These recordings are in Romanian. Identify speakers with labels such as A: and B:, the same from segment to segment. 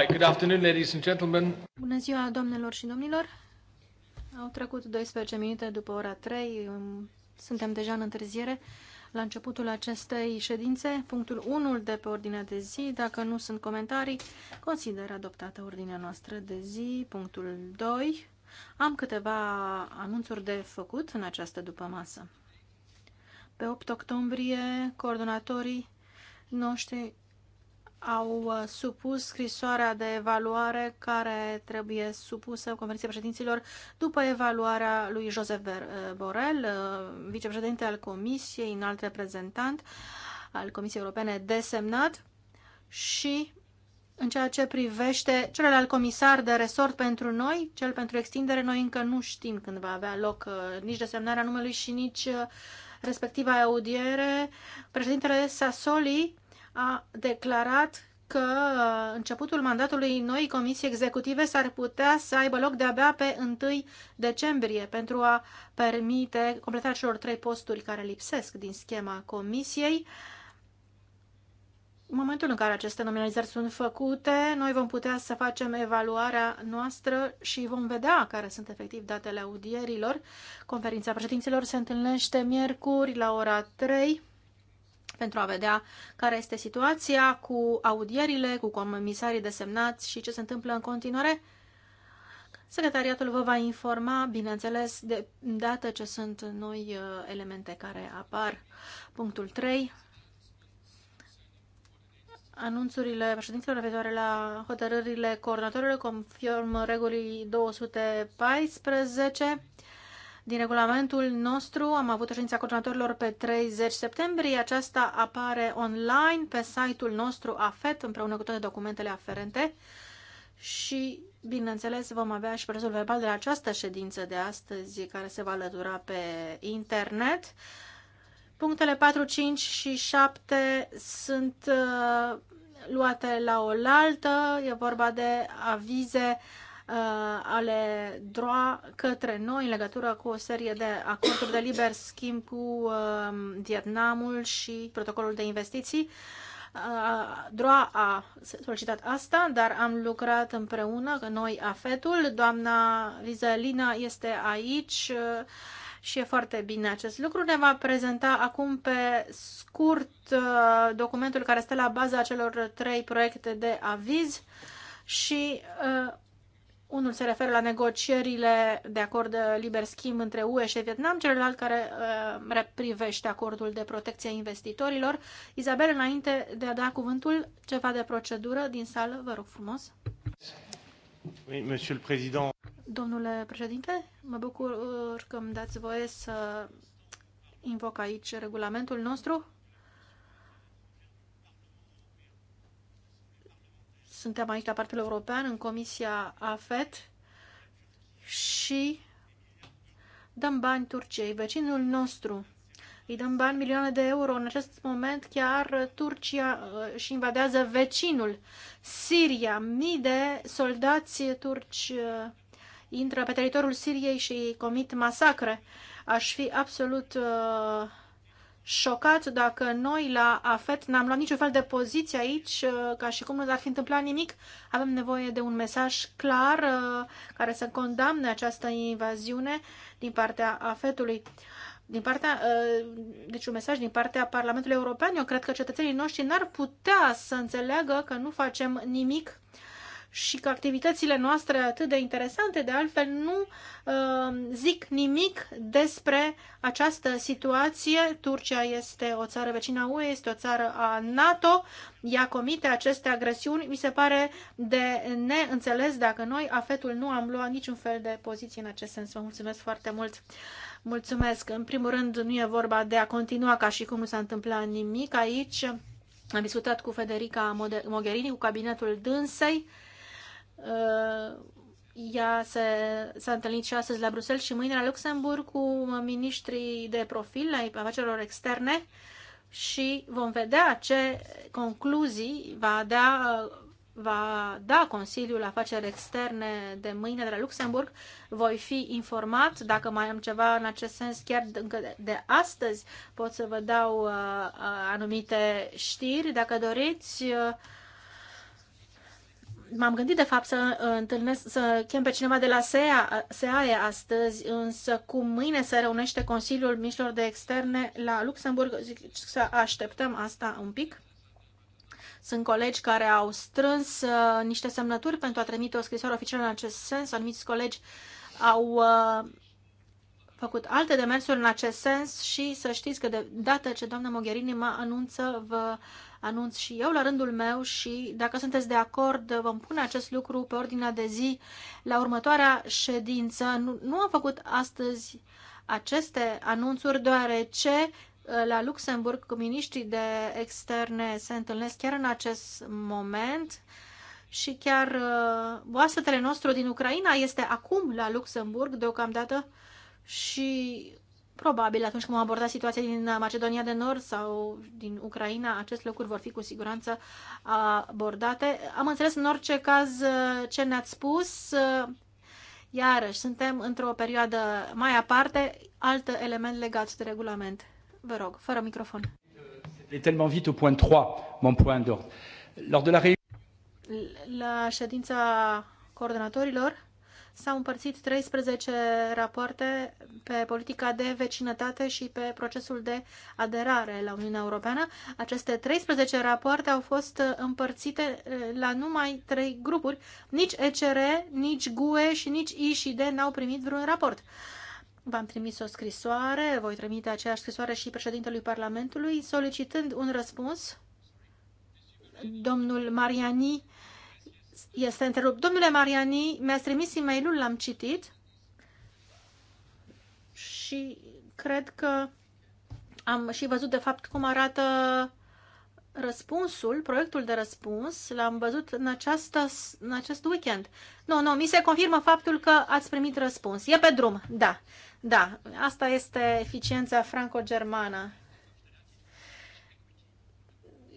A: Right, good afternoon, ladies and gentlemen. Bună ziua, domnilor și domnilor. Au trecut 12 minute după ora 3. Suntem deja în întârziere. La începutul acestei ședințe, punctul 1 de pe ordinea de zi, dacă nu sunt comentarii, consider adoptată ordinea noastră de zi. Punctul 2. Am câteva anunțuri de făcut în această dupămasă. Pe 8 octombrie, coordonatorii noștri au uh, supus scrisoarea de evaluare care trebuie supusă Convenției Președinților după evaluarea lui Josef uh, Borrell, uh, vicepreședinte al Comisiei, înalt reprezentant al Comisiei Europene desemnat și în ceea ce privește celălalt comisar de resort pentru noi, cel pentru extindere, noi încă nu știm când va avea loc nici desemnarea numelui și nici respectiva audiere. Președintele Sassoli a declarat că uh, începutul mandatului noii comisii executive s-ar putea să aibă loc de-abia pe 1 decembrie pentru a permite completarea celor trei posturi care lipsesc din schema comisiei. În momentul în care aceste nominalizări sunt făcute, noi vom putea să facem evaluarea noastră și vom vedea care sunt efectiv datele audierilor. Conferința președinților se întâlnește miercuri la ora 3 pentru a vedea care este situația cu audierile, cu comisarii desemnați și ce se întâmplă în continuare. Secretariatul vă va informa, bineînțeles, de dată ce sunt noi uh, elemente care apar. Punctul 3. Anunțurile președinților referitoare la hotărârile coordonatorilor conform regulii 214 din regulamentul nostru. Am avut o ședință coordonatorilor pe 30 septembrie. Aceasta apare online pe site-ul nostru AFET împreună cu toate documentele aferente și, bineînțeles, vom avea și prezul verbal de la această ședință de astăzi care se va alătura pe internet. Punctele 4, 5 și 7 sunt uh, luate la oaltă. E vorba de avize Uh, ale DROA către noi în legătură cu o serie de acorduri de liber schimb cu uh, Vietnamul și protocolul de investiții. Uh, DROA a solicitat asta, dar am lucrat împreună, noi afetul. Doamna Vizelina este aici și e foarte bine acest lucru. Ne va prezenta acum pe scurt documentul care stă la baza celor trei proiecte de aviz și unul se referă la negocierile de acord de uh, liber schimb între UE și Vietnam, celălalt care uh, privește acordul de protecție a investitorilor. Isabel, înainte de a da cuvântul, ceva de procedură din sală, vă rog frumos.
B: Oui,
C: monsieur le président.
A: Domnule președinte, mă bucur uh, că îmi dați voie să invoc aici regulamentul nostru. Suntem aici la partea European, în Comisia AFET și dăm bani Turciei, vecinul nostru. Îi dăm bani milioane de euro. În acest moment chiar Turcia uh, și invadează vecinul, Siria. Mii de soldați turci uh, intră pe teritoriul Siriei și comit masacre. Aș fi absolut uh, șocat dacă noi la AFET n-am luat niciun fel de poziție aici, uh, ca și cum nu ar fi întâmplat nimic. Avem nevoie de un mesaj clar uh, care să condamne această invaziune din partea AFET-ului. Din partea, uh, deci un mesaj din partea Parlamentului European. Eu cred că cetățenii noștri n-ar putea să înțeleagă că nu facem nimic și că activitățile noastre atât de interesante, de altfel nu uh, zic nimic despre această situație. Turcia este o țară vecină a UE, este o țară a NATO, ea comite aceste agresiuni. Mi se pare de neînțeles dacă noi, afetul, nu am luat niciun fel de poziție în acest sens. Vă mulțumesc foarte mult! Mulțumesc! În primul rând, nu e vorba de a continua ca și cum nu s-a întâmplat nimic aici. Am discutat cu Federica Mogherini, cu cabinetul dânsei Uh, ea s-a întâlnit și astăzi la Bruxelles și mâine la Luxemburg cu ministrii de profil la afacerilor externe și vom vedea ce concluzii va da, va da Consiliul Afaceri Externe de mâine de la Luxemburg. Voi fi informat dacă mai am ceva în acest sens chiar încă de astăzi. Pot să vă dau uh, uh, anumite știri dacă doriți m-am gândit de fapt să uh, întâlnesc, să chem pe cineva de la SEA, SEAE astăzi, însă cu mâine se reunește Consiliul Mișilor de Externe la Luxemburg. Zic să așteptăm asta un pic. Sunt colegi care au strâns uh, niște semnături pentru a trimite o scrisoare oficială în acest sens. Anumiți colegi au uh, făcut alte demersuri în acest sens și să știți că de dată ce doamna Mogherini mă anunță, vă anunț și eu la rândul meu și dacă sunteți de acord vom pune acest lucru pe ordinea de zi la următoarea ședință. Nu, nu am făcut astăzi aceste anunțuri deoarece uh, la Luxemburg miniștrii de externe se întâlnesc chiar în acest moment și chiar uh, oaspetele nostru din Ucraina este acum la Luxemburg deocamdată și probabil atunci când vom aborda situația din Macedonia de Nord sau din Ucraina, aceste lucruri vor fi cu siguranță abordate. Am înțeles în orice caz uh, ce ne-ați spus. Uh, iarăși, suntem într-o perioadă mai aparte, alt element legat de regulament. Vă rog, fără microfon.
B: mon de
A: La ședința coordonatorilor, S-au împărțit 13 rapoarte pe politica de vecinătate și pe procesul de aderare la Uniunea Europeană. Aceste 13 rapoarte au fost împărțite eh, la numai 3 grupuri. Nici ECR, nici GUE și nici I și D n-au primit vreun raport. V-am trimis o scrisoare, voi trimite aceeași scrisoare și președintelui Parlamentului, solicitând un răspuns. Domnul Mariani este întrerupt. Domnule Mariani, mi-ați trimis e l-am citit și cred că am și văzut de fapt cum arată răspunsul, proiectul de răspuns, l-am văzut în, această, în acest weekend. Nu, nu, mi se confirmă faptul că ați primit răspuns. E pe drum, da. Da, asta este eficiența franco-germană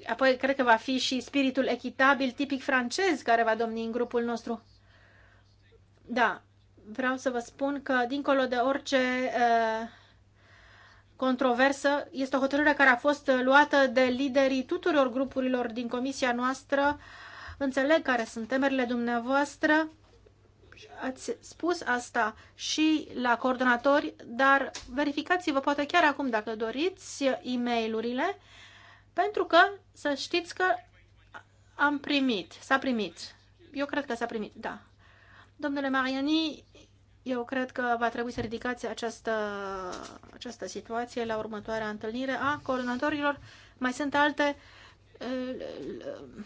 A: apoi cred că va fi și spiritul echitabil tipic francez care va domni în grupul nostru. Da, vreau să vă spun că dincolo de orice uh, controversă, este o hotărâre care a fost luată de liderii tuturor grupurilor din comisia noastră. Înțeleg care sunt temerile dumneavoastră. Ați spus asta și la coordonatori, dar verificați-vă poate chiar acum dacă doriți e-mailurile pentru că să știți că am primit, s-a primit. Eu cred că s-a primit, da. Domnule Mariani, eu cred că va trebui să ridicați această, această situație la următoarea întâlnire a coordonatorilor. Mai sunt alte uh, uh,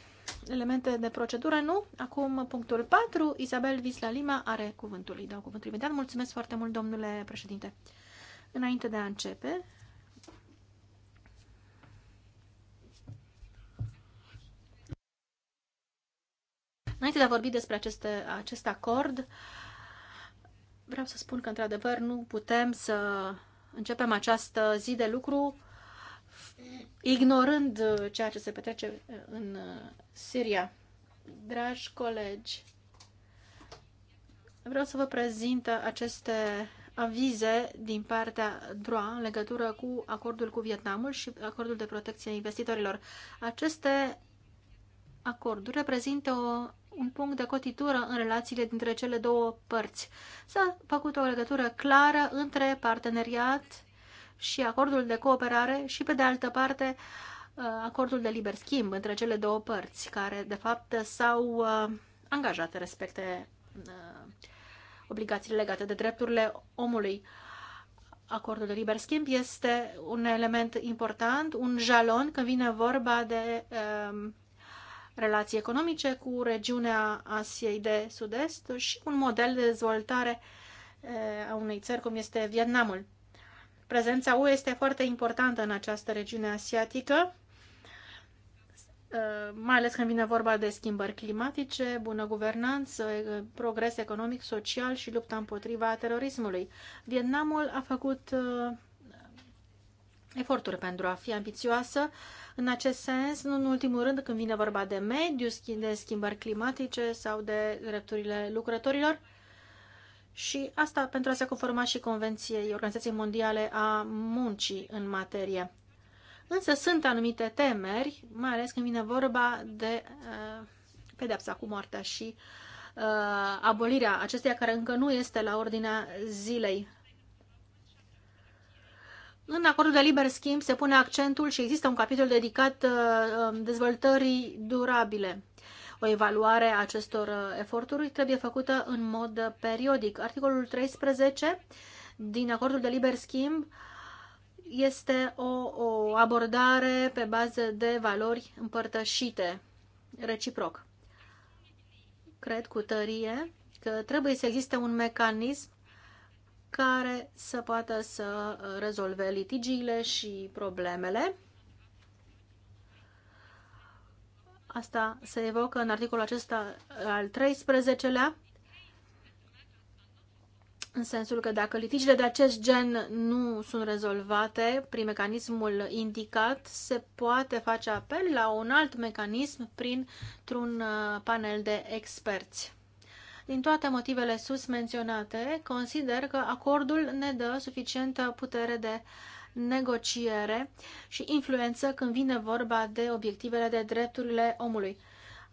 A: elemente de procedură, nu? Acum punctul 4, Isabel Visla Lima are cuvântul, îi dau cuvântul imediat. Mulțumesc foarte mult, domnule președinte. Înainte de a începe, Înainte de a vorbi despre aceste, acest acord, vreau să spun că, într-adevăr, nu putem să începem această zi de lucru ignorând ceea ce se petrece în Siria. Dragi colegi, vreau să vă prezint aceste avize din partea DROA în legătură cu acordul cu Vietnamul și acordul de protecție a investitorilor. Aceste acorduri reprezintă o un punct de cotitură în relațiile dintre cele două părți. S-a făcut o legătură clară între parteneriat și acordul de cooperare și, pe de altă parte, uh, acordul de liber schimb între cele două părți, care, de fapt, s-au uh, angajat respecte uh, obligațiile legate de drepturile omului. Acordul de liber schimb este un element important, un jalon când vine vorba de relații economice cu regiunea Asiei de Sud-Est și un model de dezvoltare eh, a unei țări cum este Vietnamul. Prezența UE este foarte importantă în această regiune asiatică, eh, mai ales când vine vorba de schimbări climatice, bună guvernanță, eh, progres economic, social și lupta împotriva terorismului. Vietnamul a făcut eforturi pentru a fi ambițioasă. În acest sens, nu în ultimul rând când vine vorba de mediu, de schimbări climatice sau de drepturile lucrătorilor, și asta pentru a se conforma și Convenției Organizației Mondiale a Muncii în materie. Însă sunt anumite temeri, mai ales când vine vorba de uh, pedepsa cu moartea și uh, abolirea acesteia care încă nu este la ordinea zilei în acordul de liber schimb se pune accentul și există un capitol dedicat uh, um, dezvoltării durabile. O evaluare a acestor uh, eforturi trebuie făcută în mod periodic. Articolul 13 din acordul de liber schimb este o, o abordare pe bază de valori împărtășite, reciproc. Cred cu tărie că trebuie să existe un mecanism care să poată să uh, rezolve litigiile și problemele. Asta se evocă în articolul acesta al 13-lea, în sensul că dacă litigiile de acest gen nu sunt rezolvate prin mecanismul indicat, se poate face apel la un alt mecanism printr-un uh, panel de experți. Din toate motivele sus menționate, consider că acordul ne dă suficientă putere de negociere și influență când vine vorba de obiectivele de drepturile omului.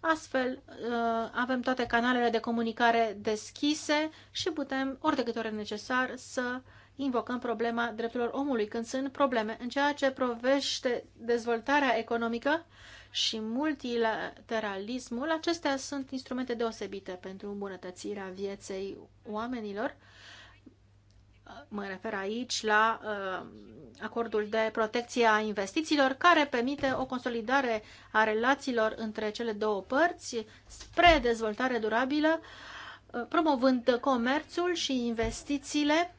A: Astfel, uh, avem toate canalele de comunicare deschise și putem, ori de câte ori necesar, să invocăm problema drepturilor omului când sunt probleme. În ceea ce provește dezvoltarea economică, și multilateralismul, acestea sunt instrumente deosebite pentru îmbunătățirea vieței oamenilor. Mă refer aici la uh, acordul de protecție a investițiilor, care permite o consolidare a relațiilor între cele două părți spre dezvoltare durabilă, uh, promovând comerțul și investițiile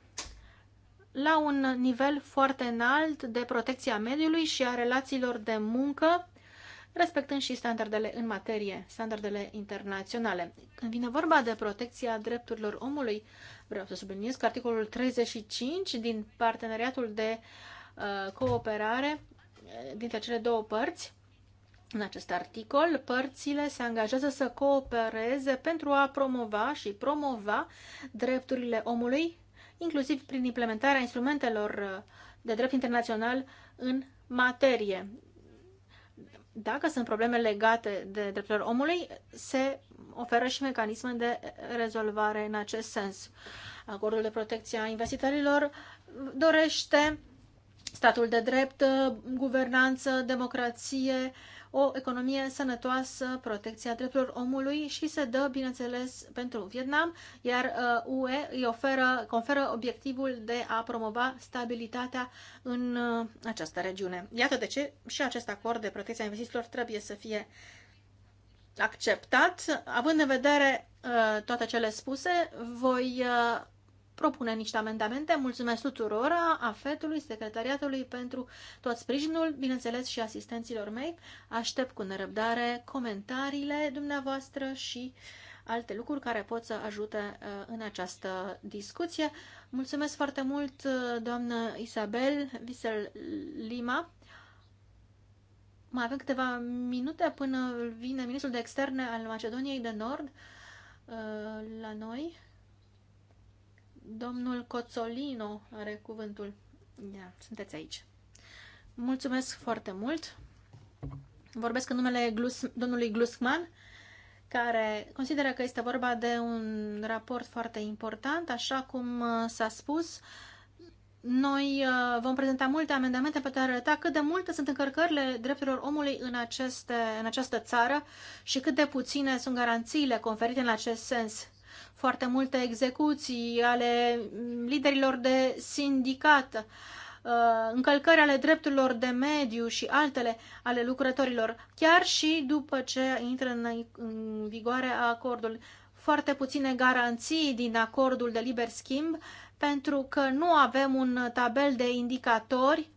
A: la un nivel foarte înalt de protecția mediului și a relațiilor de muncă respectând și standardele în materie, standardele internaționale. Când vine vorba de protecția drepturilor omului, vreau să subliniez că articolul 35 din parteneriatul de uh, cooperare uh, dintre cele două părți în acest articol, părțile se angajează să coopereze pentru a promova și promova drepturile omului, inclusiv prin implementarea instrumentelor uh, de drept internațional în materie dacă sunt probleme legate de drepturile omului, se oferă și mecanisme de rezolvare în acest sens. Acordul de protecție a investitorilor dorește statul de drept, guvernanță, democrație, o economie sănătoasă, protecția drepturilor omului și se dă, bineînțeles, pentru Vietnam, iar UE uh, îi oferă, conferă obiectivul de a promova stabilitatea în uh, această regiune. Iată de ce și acest acord de protecție a investițiilor trebuie să fie acceptat. Având în vedere uh, toate cele spuse, voi propune niște amendamente. Mulțumesc tuturor a fetului, secretariatului pentru tot sprijinul, bineînțeles și asistenților mei. Aștept cu nerăbdare comentariile dumneavoastră și alte lucruri care pot să ajute uh, în această discuție. Mulțumesc foarte mult, uh, doamnă Isabel Visel Lima. Mai avem câteva minute până vine ministrul de externe al Macedoniei de Nord uh, la noi Domnul Coțolino are cuvântul. Ia, sunteți aici. Mulțumesc foarte mult. Vorbesc în numele Glus, domnului Glusman, care consideră că este vorba de un raport foarte important, așa cum uh, s-a spus. Noi uh, vom prezenta multe amendamente pentru a arăta cât de multe sunt încărcările drepturilor omului în, aceste, în această țară și cât de puține sunt garanțiile conferite în acest sens foarte multe execuții ale liderilor de sindicat, uh, încălcări ale drepturilor de mediu și altele ale lucrătorilor, chiar și după ce intră în, vigoare acordul. Foarte puține garanții din acordul de liber schimb, pentru că nu avem un tabel de indicatori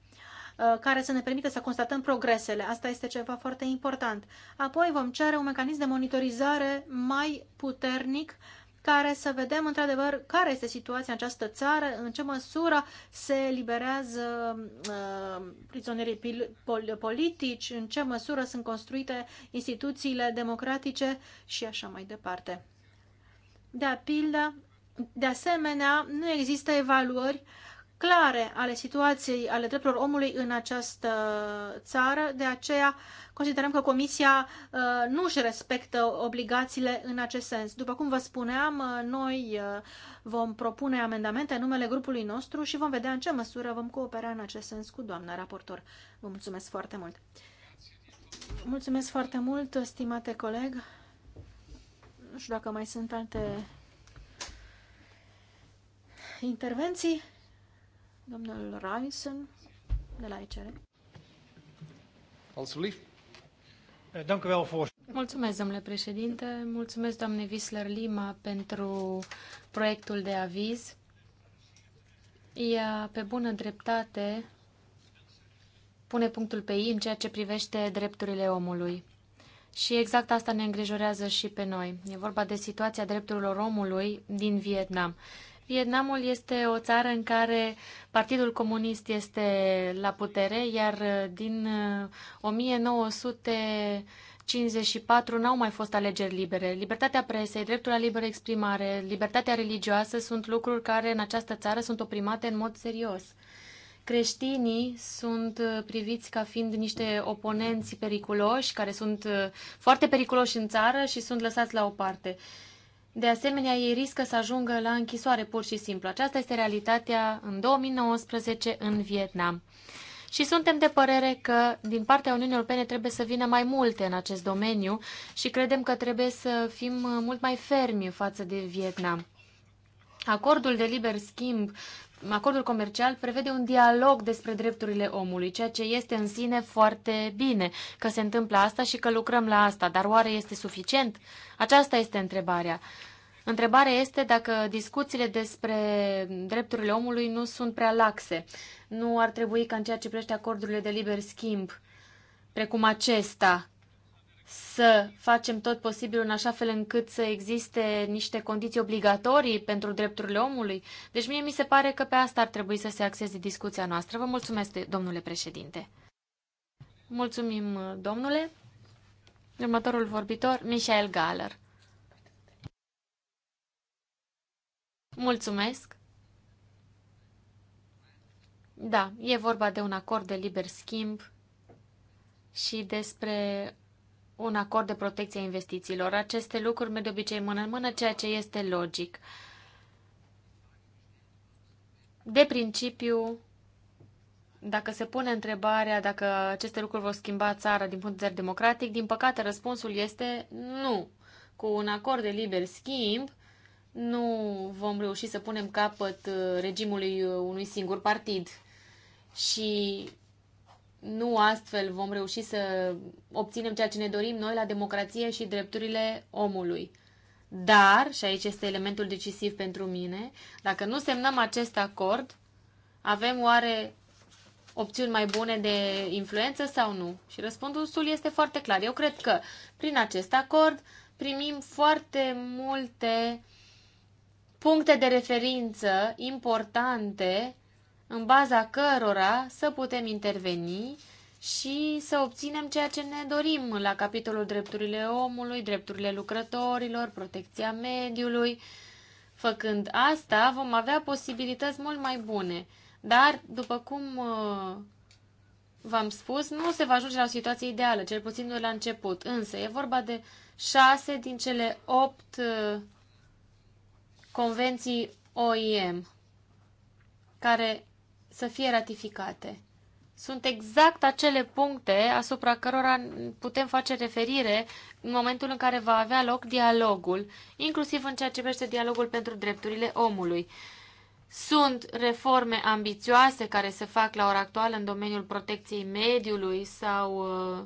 A: uh, care să ne permită să constatăm progresele. Asta este ceva foarte important. Apoi vom cere un mecanism de monitorizare mai puternic uh, care să vedem într-adevăr care este situația în această țară, în ce măsură se liberează uh, prizonierii politici, în ce măsură sunt construite instituțiile democratice și așa mai departe. De pildă, de asemenea, nu există evaluări uh, clare ale situației ale drepturilor omului în această țară, de aceea considerăm că Comisia uh, nu își respectă obligațiile în acest sens. După cum vă spuneam, uh, noi uh, vom propune amendamente în numele grupului nostru și vom vedea în ce măsură vom coopera în acest sens cu doamna raportor. Vă mulțumesc foarte mult! Mulțumesc foarte mult, stimate coleg! Nu știu dacă mai sunt alte intervenții. Domnul Ravison,
C: de la ECR. Alsjeblieft. Eh, dank u wel, Mulțumesc, domnule președinte. Mulțumesc, doamne Visler Lima, pentru proiectul de aviz. Ea, pe bună dreptate, pune punctul pe i în ceea ce privește drepturile omului. Și exact asta ne îngrijorează și pe noi. E vorba de situația drepturilor omului din Vietnam. Vietnamul este o țară în care Partidul Comunist este la putere, iar din 54 uh, n-au mai fost alegeri libere. Libertatea presei, dreptul la liberă exprimare, libertatea religioasă sunt lucruri care în această țară sunt oprimate în mod serios. Creștinii sunt uh, priviți ca fiind niște oponenți periculoși, care sunt uh, foarte periculoși în țară și sunt lăsați la o parte. Uh, de asemenea, ei riscă să ajungă la închisoare pur și simplu. Aceasta este realitatea în 2019 în Vietnam. Și suntem de părere că din partea Uniunii Europene trebuie să vină mai multe în acest domeniu și credem că trebuie să fim mult mai fermi față de Vietnam. Acordul de liber schimb acordul comercial prevede un dialog despre drepturile omului, ceea ce este în sine foarte bine că se întâmplă asta și că lucrăm la asta, dar oare este suficient? Aceasta este întrebarea. Întrebarea este dacă discuțiile despre drepturile omului nu sunt prea laxe. Nu ar trebui ca în ceea ce privește acordurile de liber schimb, precum acesta, să facem tot posibilul în așa fel încât să existe niște condiții obligatorii pentru drepturile omului? Deci mie mi se pare că pe asta ar trebui să se axeze discuția noastră. Vă mulțumesc, domnule președinte. Mulțumim, domnule. Următorul vorbitor, Michael Galler. Mulțumesc. Da, e vorba de un acord de liber schimb și despre un acord de protecție a investițiilor. Aceste lucruri merg de obicei mână în mână, ceea ce este logic. De principiu, dacă se pune întrebarea dacă aceste lucruri vor schimba țara din punct de vedere democratic, din păcate răspunsul este nu. Cu un acord de liber schimb, nu vom reuși să punem capăt uh, regimului uh, unui singur partid. Și nu astfel vom reuși să obținem ceea ce ne dorim noi la democrație și drepturile omului. Dar, și aici este elementul decisiv pentru mine, dacă nu semnăm acest acord, avem oare opțiuni mai bune de influență sau nu? Și răspunsul este foarte clar. Eu cred că prin acest acord primim foarte multe puncte de referință importante în baza cărora să putem interveni și să obținem ceea ce ne dorim la capitolul drepturile omului, drepturile lucrătorilor, protecția mediului. Făcând asta, vom avea posibilități mult mai bune. Dar, după cum uh, v-am spus, nu se va ajunge la o situație ideală, cel puțin nu la început. Însă, e vorba de șase din cele opt uh, convenții OIM, care să fie ratificate. Sunt exact acele puncte asupra cărora putem face referire în momentul în care va avea loc dialogul, inclusiv în ceea ce privește dialogul pentru drepturile omului. Sunt reforme ambițioase care se fac la ora actuală în domeniul protecției mediului sau uh,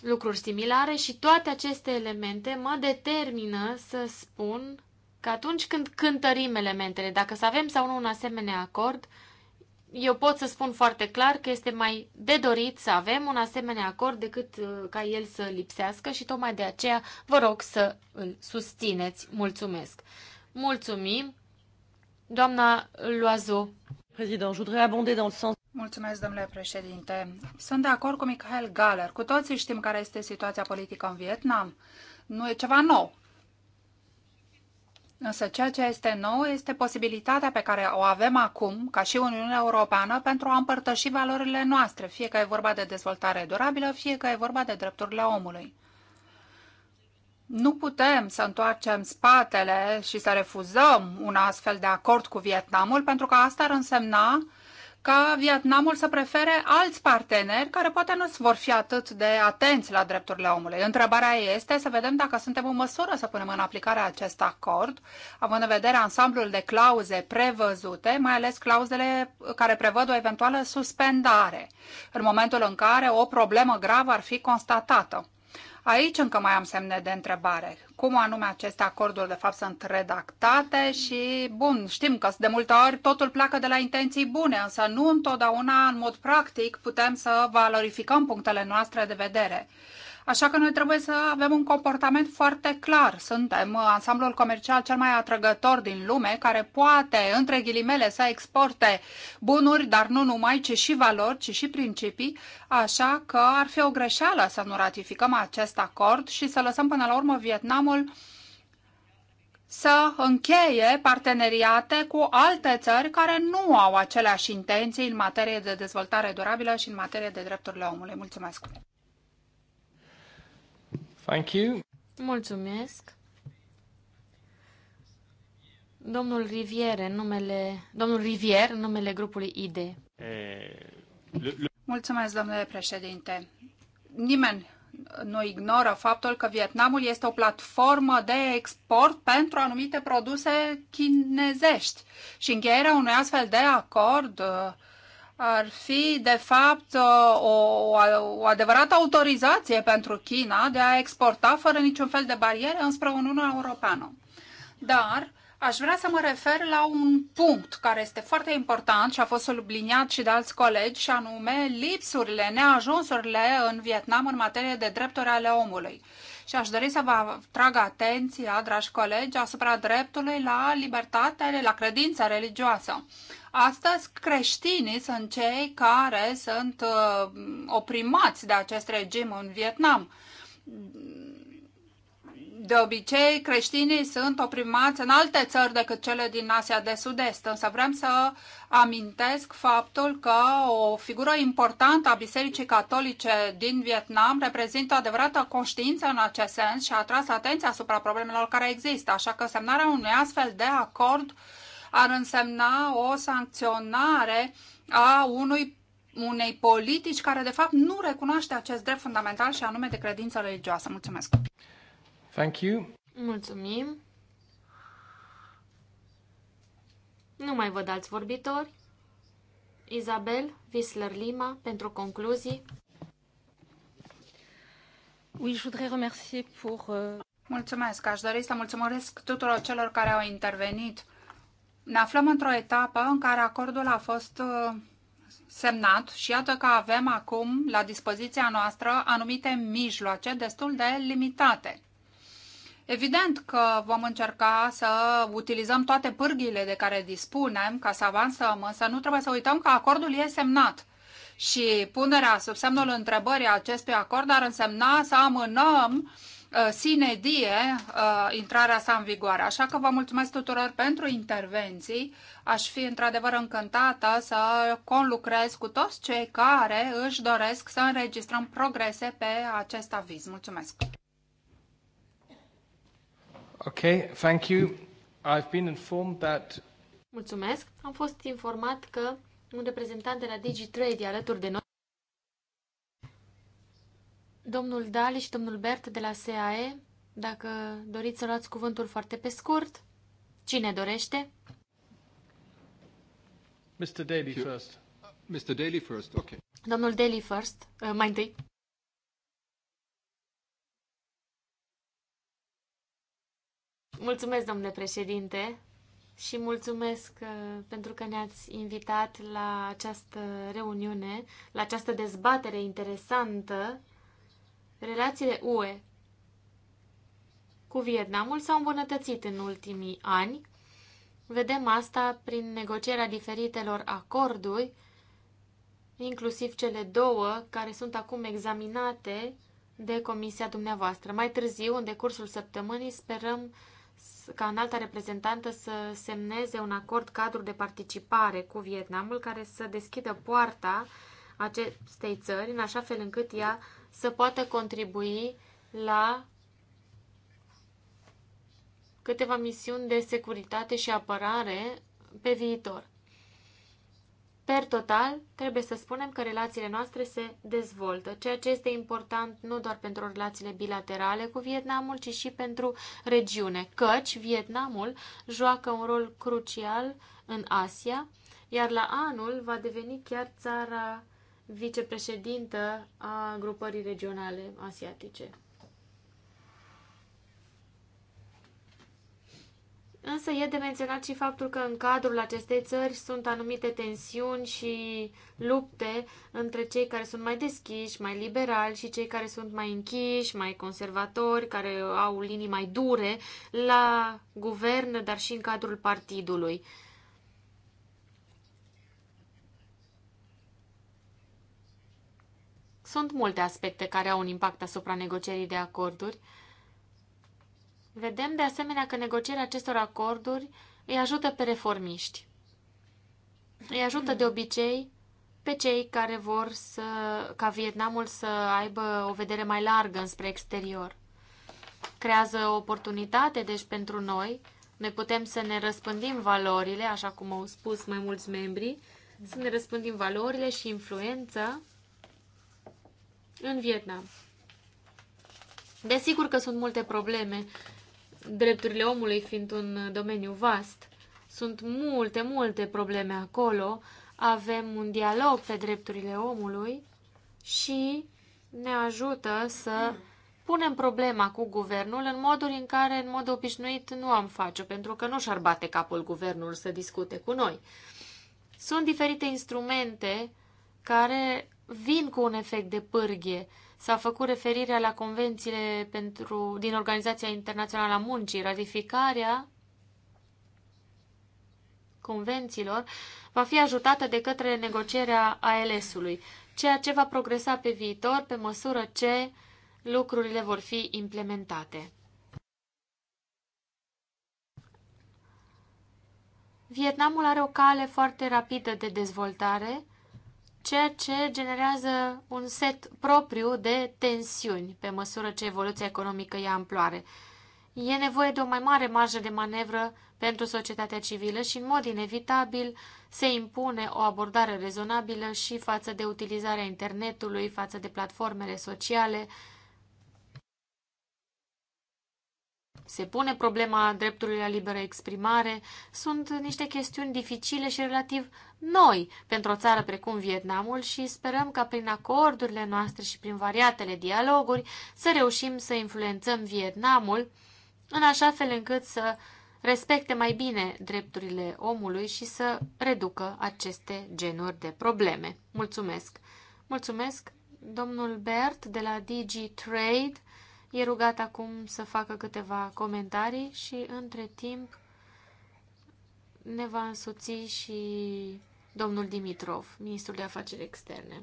C: lucruri similare și toate aceste elemente mă determină să spun că atunci când cântărim elementele, dacă să avem sau nu un asemenea acord, eu pot să spun foarte clar că este mai de dorit să avem un asemenea acord decât uh, ca el să lipsească și tocmai de aceea vă rog să îl susțineți.
B: Mulțumesc! Mulțumim! Doamna Loazo. Président, je voudrais abonder dans le sens Mulțumesc, domnule președinte. Sunt de acord cu Michael Galler. Cu toții știm care este situația politică în Vietnam. Nu e ceva nou. Însă ceea ce este nou este posibilitatea pe care o avem acum, ca și Uniunea Europeană, pentru a împărtăși valorile noastre, fie că e vorba de dezvoltare durabilă, fie că e vorba de drepturile omului. Nu putem să întoarcem spatele și să refuzăm un astfel de acord cu Vietnamul, pentru că asta ar însemna ca Vietnamul să prefere alți parteneri care poate nu vor fi atât de atenți la drepturile omului. Întrebarea este să vedem dacă suntem în măsură să punem în aplicare acest acord, având în vedere ansamblul de clauze prevăzute, mai ales clauzele care prevăd o eventuală suspendare în momentul în care o problemă gravă ar fi constatată. Aici încă mai am semne de întrebare. Cum anume aceste acorduri de fapt sunt redactate și, bun, știm că de multe ori totul pleacă de la intenții bune, însă nu întotdeauna în mod practic putem să valorificăm punctele noastre de vedere. Așa că noi trebuie să avem un comportament foarte clar. Suntem uh, ansamblul comercial cel mai atrăgător din lume, care poate, între ghilimele, să exporte bunuri, dar nu numai, ci și valori, ci și principii. Așa că ar fi o greșeală să nu ratificăm acest acord și să lăsăm până la urmă Vietnamul să încheie parteneriate cu alte țări care nu au aceleași intenții în materie de dezvoltare durabilă și în materie de drepturile omului. Mulțumesc! Thank you. Mulțumesc.
C: Domnul Riviere, numele, domnul Rivier, numele
B: grupului ID. Mulțumesc, domnule președinte. Nimeni nu ignoră faptul că Vietnamul este o platformă de export pentru anumite produse chinezești și încheierea unui astfel de acord uh, ar fi, de fapt, uh, o, o adevărată autorizație pentru China de a exporta fără niciun fel de bariere înspre Uniunea Europeană. Dar aș vrea să mă refer la un punct care este foarte important și a fost subliniat și de alți colegi, și anume lipsurile, neajunsurile în Vietnam în materie de drepturi ale omului. Și aș dori să vă atrag atenția, dragi colegi, asupra dreptului la libertate, la credință religioasă. Astăzi, creștinii sunt cei care sunt uh, oprimați de acest regim în Vietnam de obicei creștinii sunt oprimați în alte țări decât cele din Asia de Sud-Est, însă vrem să amintesc faptul că o figură importantă a Bisericii Catolice din Vietnam reprezintă adevărată conștiință în acest sens și a atras atenția asupra problemelor care există, așa că semnarea unui astfel de acord uh, ar însemna o sancționare a unui, unei politici care, de fapt, nu recunoaște acest drept fundamental și anume de credință religioasă. Mulțumesc! Thank you! Mulțumim! Nu mai văd alți vorbitori. Isabel Wissler Lima pentru concluzii. Oui, je voudrais remercier pour... Euh, mulțumesc. Aș dori să mulțumesc tuturor celor care au intervenit ne aflăm într-o etapă în care acordul a fost uh, semnat și iată că avem acum la dispoziția noastră anumite mijloace destul de limitate. Evident că vom încerca să utilizăm toate pârghiile de care dispunem ca să avansăm, însă nu trebuie să uităm că acordul e semnat. Și punerea sub semnul întrebării acestui acord ar însemna să amânăm Uh, sine die uh, intrarea sa în vigoare. Așa că vă mulțumesc tuturor pentru intervenții. Aș fi într-adevăr încântată să conlucrez cu toți cei care își doresc să înregistrăm progrese pe acest aviz. Mulțumesc!
A: Ok, thank you. I've been informed that...
B: Mulțumesc! Am fost informat că
C: un reprezentant de la DigiTrade alături de noi domnul Dali și domnul Bert de la SAE, dacă doriți să luați cuvântul foarte pe scurt, cine dorește? Mr. Daly first. Uh, Mr. Daly first, ok. Domnul Daly first, uh, mai întâi. Mulțumesc, domnule președinte, și mulțumesc uh, pentru că ne-ați invitat la această reuniune, la această dezbatere interesantă Relațiile UE cu Vietnamul s-au îmbunătățit în ultimii ani. Vedem asta prin negocierea diferitelor acorduri, inclusiv cele două care sunt acum examinate de comisia dumneavoastră. Mai târziu, în decursul săptămânii, sperăm ca înalta reprezentantă să semneze un acord cadru de participare cu Vietnamul care să deschidă poarta acestei țări în așa fel încât ea să poată contribui la câteva misiuni de securitate și apărare pe viitor. Per total, trebuie să spunem că relațiile noastre se dezvoltă, ceea ce este important nu doar pentru relațiile bilaterale cu Vietnamul, ci și pentru regiune, căci Vietnamul joacă un rol crucial în Asia, iar la anul va deveni chiar țara vicepreședintă a grupării regionale asiatice. Însă e de menționat și faptul că în cadrul acestei țări sunt anumite tensiuni și lupte între cei care sunt mai deschiși, mai liberali și cei care sunt mai închiși, mai conservatori, care au linii mai dure la guvern, dar și în cadrul partidului. Sunt multe aspecte care au un impact asupra negocierii de acorduri. Vedem de asemenea că negocierea acestor acorduri îi ajută pe reformiști. Îi ajută de obicei pe cei care vor să, ca Vietnamul să aibă o vedere mai largă înspre exterior. Creează o oportunitate, deci, pentru noi. Noi putem să ne răspândim valorile, așa cum au spus mai mulți membri, să ne răspândim valorile și influența în Vietnam. Desigur că sunt multe probleme, drepturile omului fiind un domeniu vast. Sunt multe, multe probleme acolo. Avem un dialog pe drepturile omului și ne ajută să punem problema cu guvernul în moduri în care, în mod obișnuit, nu am face pentru că nu și-ar bate capul guvernul să discute cu noi. Sunt diferite instrumente care vin cu un efect de pârghie. S-a făcut referirea la convențiile pentru, din Organizația Internațională a Muncii. Ratificarea convențiilor va fi ajutată de către negocierea ALS-ului, ceea ce va progresa pe viitor pe măsură ce lucrurile vor fi implementate. Vietnamul are o cale foarte rapidă de dezvoltare ceea ce generează un set propriu de tensiuni pe măsură ce evoluția economică ia amploare. E nevoie de o mai mare marjă de manevră pentru societatea civilă și, în mod inevitabil, se impune o abordare rezonabilă și față de utilizarea internetului, față de platformele sociale, se pune problema dreptului la liberă exprimare, sunt niște chestiuni dificile și relativ noi pentru o țară precum Vietnamul și sperăm ca prin acordurile noastre și prin variatele dialoguri să reușim să influențăm Vietnamul în așa fel încât să respecte mai bine drepturile omului și să reducă aceste genuri de probleme. Mulțumesc! Mulțumesc, domnul Bert de la DG Trade E rugat acum să facă câteva comentarii și între timp ne va însuți și domnul Dimitrov, ministrul de afaceri externe.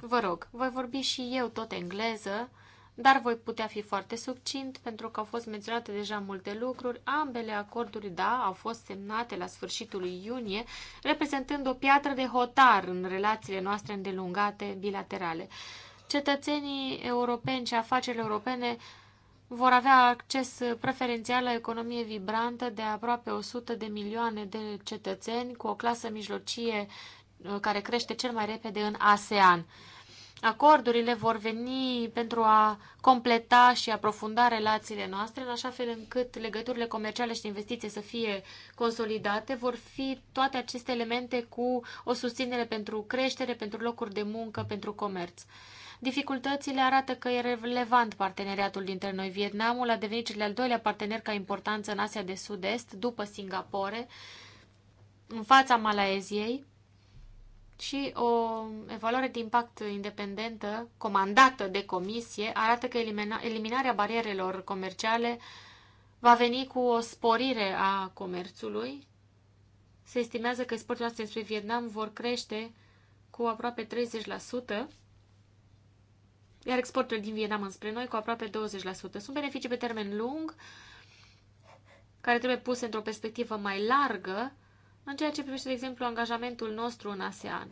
C: Vă rog, voi vorbi și eu tot engleză, dar voi putea fi foarte succint pentru că au fost menționate deja multe lucruri. Ambele acorduri, da, au fost semnate la sfârșitul lui iunie, reprezentând o piatră de hotar în relațiile noastre îndelungate bilaterale cetățenii europeni și afacerile europene vor avea acces preferențial la economie vibrantă de aproape 100 de milioane de cetățeni cu o clasă mijlocie uh, care crește cel mai repede în ASEAN. Acordurile vor veni pentru a completa și aprofunda relațiile noastre, în așa fel încât legăturile comerciale și investiții să fie consolidate. Vor fi toate aceste elemente cu o susținere pentru creștere, pentru locuri de muncă, pentru comerț. Dificultățile arată că e relevant parteneriatul dintre noi. Vietnamul a devenit cel de-al doilea partener ca importanță în Asia de Sud-Est, după Singapore, în fața Malaeziei și o evaluare de impact independentă, comandată de comisie, arată că elimina, eliminarea barierelor comerciale va veni cu o sporire a comerțului. Se estimează că exporturile noastre spre Vietnam vor crește cu aproape 30%, iar exportul din Vietnam înspre noi cu aproape 20%. Sunt beneficii pe termen lung care trebuie puse într-o perspectivă mai largă în ceea ce privește, de exemplu, angajamentul nostru în ASEAN.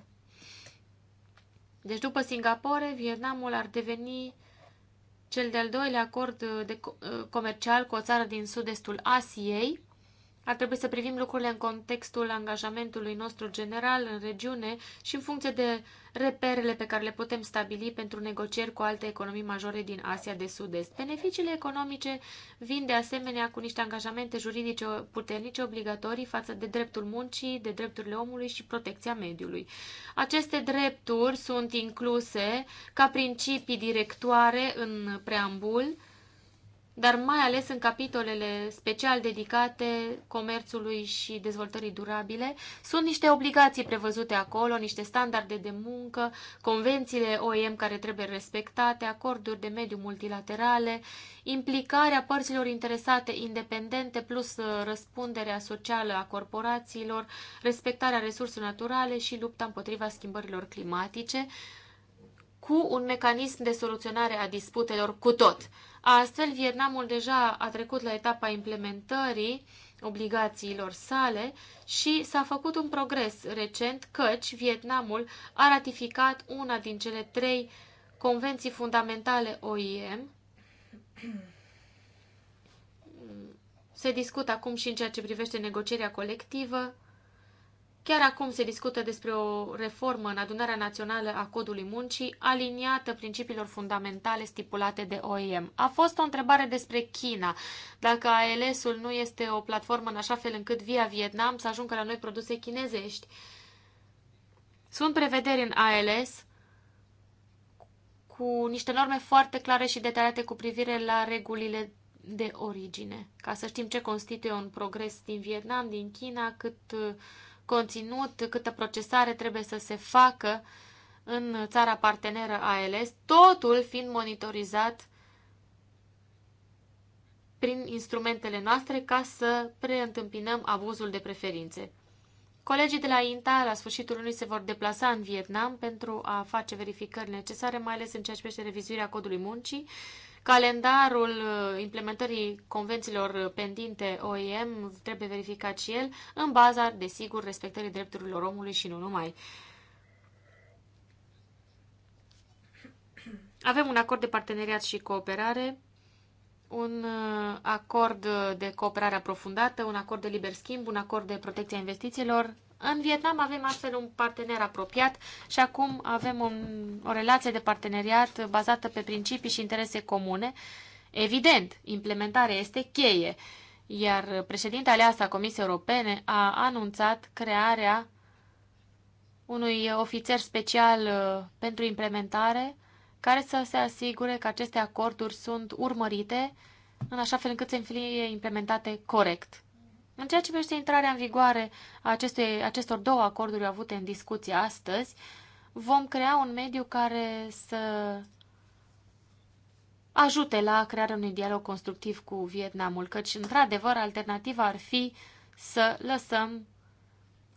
C: Deci, după Singapore, Vietnamul ar deveni cel de-al doilea acord de comercial cu o țară din sud-estul Asiei, ar trebui să privim lucrurile în contextul angajamentului nostru general în regiune și în funcție de reperele pe care le putem stabili pentru negocieri cu alte economii majore din Asia de Sud-Est. Beneficiile economice vin de asemenea cu niște angajamente juridice puternice obligatorii față de dreptul muncii, de drepturile omului și protecția mediului. Aceste drepturi sunt incluse ca principii directoare în preambul dar mai ales în capitolele special dedicate comerțului și dezvoltării durabile. Sunt niște obligații prevăzute acolo, niște standarde de muncă, convențiile OEM care trebuie respectate, acorduri de mediu multilaterale, implicarea părților interesate independente plus uh, răspunderea socială a corporațiilor, respectarea resurselor naturale și lupta împotriva schimbărilor climatice, cu un mecanism de soluționare a disputelor cu tot. Astfel, Vietnamul deja a trecut la etapa implementării obligațiilor sale și s-a făcut un progres recent căci Vietnamul a ratificat una din cele trei convenții fundamentale OIM. Se discută acum și în ceea ce privește negocierea colectivă Chiar acum se discută despre o reformă în adunarea națională a codului muncii, aliniată principiilor fundamentale stipulate de OIM. A fost o întrebare despre China, dacă ALS-ul nu este o platformă în așa fel încât via Vietnam să ajungă la noi produse chinezești. Sunt prevederi în ALS cu niște norme foarte clare și detaliate cu privire la regulile de origine, ca să știm ce constituie un progres din Vietnam, din China, cât uh, conținut, câtă procesare trebuie să se facă în țara parteneră ALS, totul fiind monitorizat prin instrumentele noastre ca să preîntâmpinăm abuzul de preferințe. Colegii de la INTA la sfârșitul lunii se vor deplasa în Vietnam pentru a face verificări necesare, mai ales în ceea ce privește revizuirea codului muncii Calendarul uh, implementării convențiilor pendinte OIM trebuie verificat și el, în baza, desigur, respectării drepturilor omului și nu numai. Avem un acord de parteneriat și cooperare, un uh, acord de cooperare aprofundată, un acord de liber schimb, un acord de protecție a investițiilor, în Vietnam avem astfel un partener apropiat și acum avem un, o relație de parteneriat bazată pe principii și interese comune. Evident, implementarea este cheie, iar președinta aleasa Comisiei Europene a anunțat crearea unui ofițer special uh, pentru implementare care să se asigure că aceste acorduri sunt urmărite în așa fel încât să fie implementate corect. În ceea ce privește intrarea în vigoare a acestui, acestor două acorduri avute în discuție astăzi, vom crea un mediu care să ajute la crearea unui dialog constructiv cu Vietnamul, căci, într-adevăr, alternativa ar fi să lăsăm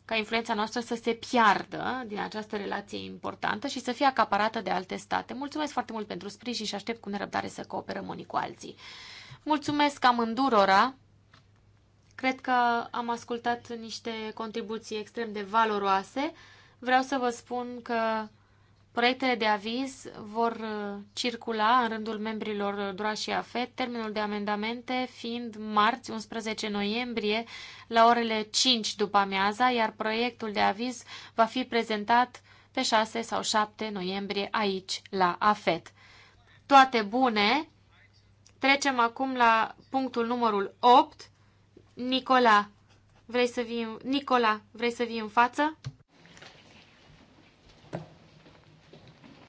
C: ca influența noastră să se piardă din această relație importantă și să fie acaparată de alte state. Mulțumesc foarte mult pentru sprijin și aștept cu nerăbdare să cooperăm unii cu alții. Mulțumesc amândurora! Cred că am ascultat niște contribuții extrem de valoroase. Vreau să vă spun că proiectele de aviz vor uh, circula în rândul membrilor DROA și AFET, termenul de amendamente fiind marți 11 noiembrie la orele 5 după amiaza, iar proiectul de aviz va fi prezentat pe 6 sau 7 noiembrie aici la AFET. Toate bune! Trecem acum la punctul numărul 8, Nicola, vrei să vii, Nicola, vrei să vii în față?